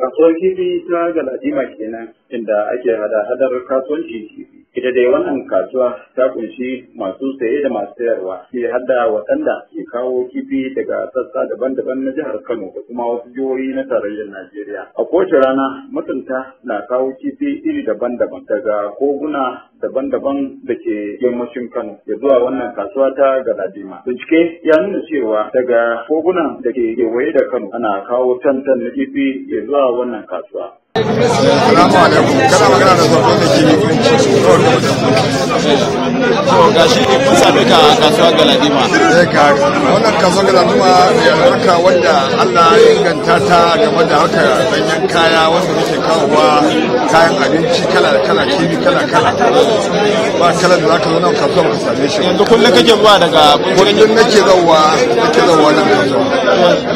Kasuwar kifi ta galadima kenan inda ake hada-hadar kasuwanci kifi. ita dai wannan kasuwa ta kunshi masu saye da masu sayarwa ke hada waɗanda ke kawo kifi daga sassa daban-daban na jihar Kano da kuma wasu jihohi na tarayyar Najeriya. A kowace rana mutunta na kawo kifi iri daban-daban daga koguna daban-daban da ke yammacin Kano ya zuwa wannan kasuwa ta Galadima. Bincike ya nuna cewa daga kogunan da ke kewaye da Kano ana kawo tantan na kifi ya zuwa wannan kasuwa. Salamu alaikum, kana magana da zarfon da ke To ga shi ne kun same ka kasuwa Galadima. Eh ka wannan kasuwa Galadima ya harka wanda Allah ya inganta ta game da haka danyen kaya wanda muke kawowa kayan abinci kala kala kifi kala kala ba kala da zaka zo ka kasuwa ka same shi yanzu kullum kake zuwa daga kullum nake zawa nake zawa nan kasuwa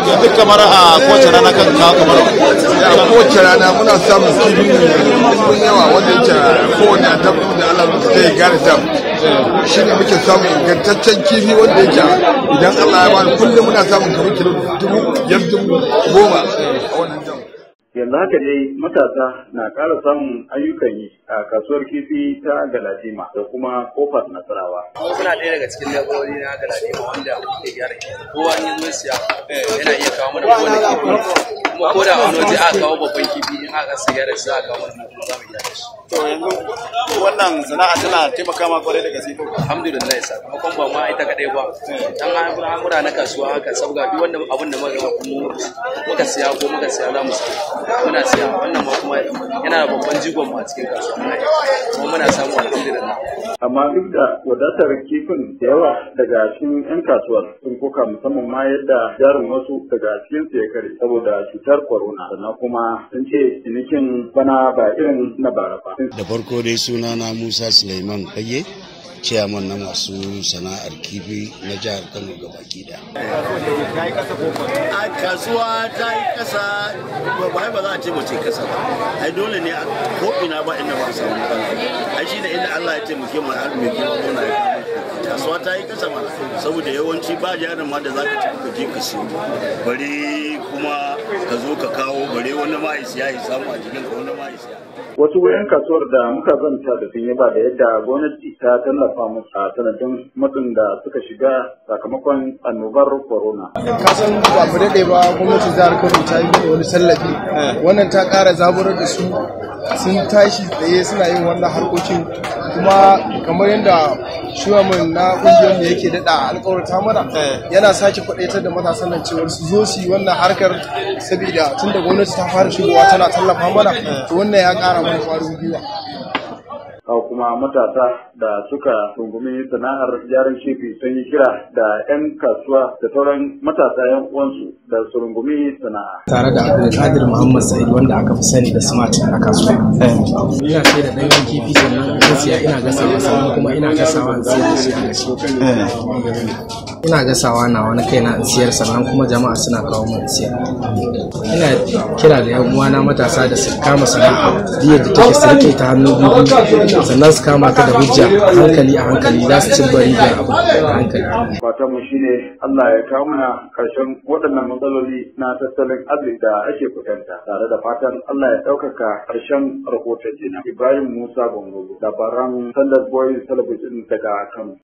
yanzu kamar a kowace rana kan ka kamar a kowace rana muna samun kifi mun yawa wanda yake kowane adabu da Allah zai gane ta shi ne muke samun ingantaccen kifi wanda yake idan Allah ya bani kullum muna samun kamar kilo dubu biyar goma a wannan jam'a yanzu haka dai matasa na ƙara samun ayyukan yi a kasuwar kifi ta galadima da kuma kofar nasarawa. suna ɗaya daga cikin labarori na galadima wanda muke gyara kowa ne yi siya eh, yana iya kawo mana kowane kifi kuma ko da wani waje aka kawo babban kifi in aka siya da shi aka kawo mana kuma za mu gyara shi. wannan sana'a tana taimaka ma kwarai da gaske alhamdulillah sakamakon ba ma ita kadai ba dan gura na kasuwa haka saboda duk wanda abin da muka mu muka siya ko muka siya za mu siya muna siya wannan ma kuma yana babban jigon mu a cikin kasuwa kuma muna samu alhamdulillah amma duk da wadatar kifin da yawa daga cikin yan kasuwar sun koka musamman ma yadda jarin wasu daga cikin su ya kare saboda cutar corona sannan kuma sun ce cinikin bana ba irin na bara ba da farko dai suna sunana musa suleiman fage ciyaman na masu sana'ar kifi na jihar kano ga baki da kasuwa ta yi kasa ba ba za a ce ce kasa ba ai dole ne a ina ba inda ba samu kasa. ai shi da inda allah ya ce mu al'adun mai kuma kasuwa ta yi kasa mana saboda yawanci ba jarin ma da za ka ka je ka siyo bare kuma ka zo ka kawo bare wani ma ya yi samu a jikin ka wani ma wasu wayan kasuwar da muka zanta da sun yi ba da yadda gwamnati ta tallafa musu a sanadin matsin da suka shiga sakamakon annobar corona. kasan ba mu daɗe ba za jihar kano ta yi da wani sallafi eh. wannan ta ƙara zaburar da su sun tashi tsaye suna yin wannan harkokin kuma kamar yadda shugaban na kungiyar da yake daɗa alkawarta mana yana sake kwadaitar da matasan nan cewar su zo su yi wannan harkar saboda tun da gwamnati ta fara shigowa tana tallafa mana to wannan ya ƙara mana kwarin gwiwa kuma matasa da suka rungumi sana'ar jarin shifi sun yi kira da 'yan kasuwa da sauran matasa 'yan uwansu da su rungumi sana'a. Tare da Abdulkadir Muhammad Sa'id wanda aka fi sani da Smart a kasuwa. Eh. Ina ce da ɗanyen kifi sannan ina gasawa sannan kuma ina gasawa sai da shi a ina gasawa na wani kaina in siyar sannan kuma jama'a suna kawo min siyar ina kira da yan uwana matasa da su kama sana'a biyar da take sarki ta hannu biyu sannan su kama ta da hujja hankali a hankali za su ci bari da abu a hankali fatan mu shine Allah ya kawo mana karshen waɗannan matsaloli na tattalin arziki da ake fuskanta tare da fatan Allah ya ɗaukaka karshen rahoton jina Ibrahim Musa da labaran Sanders Boys Television daga Kano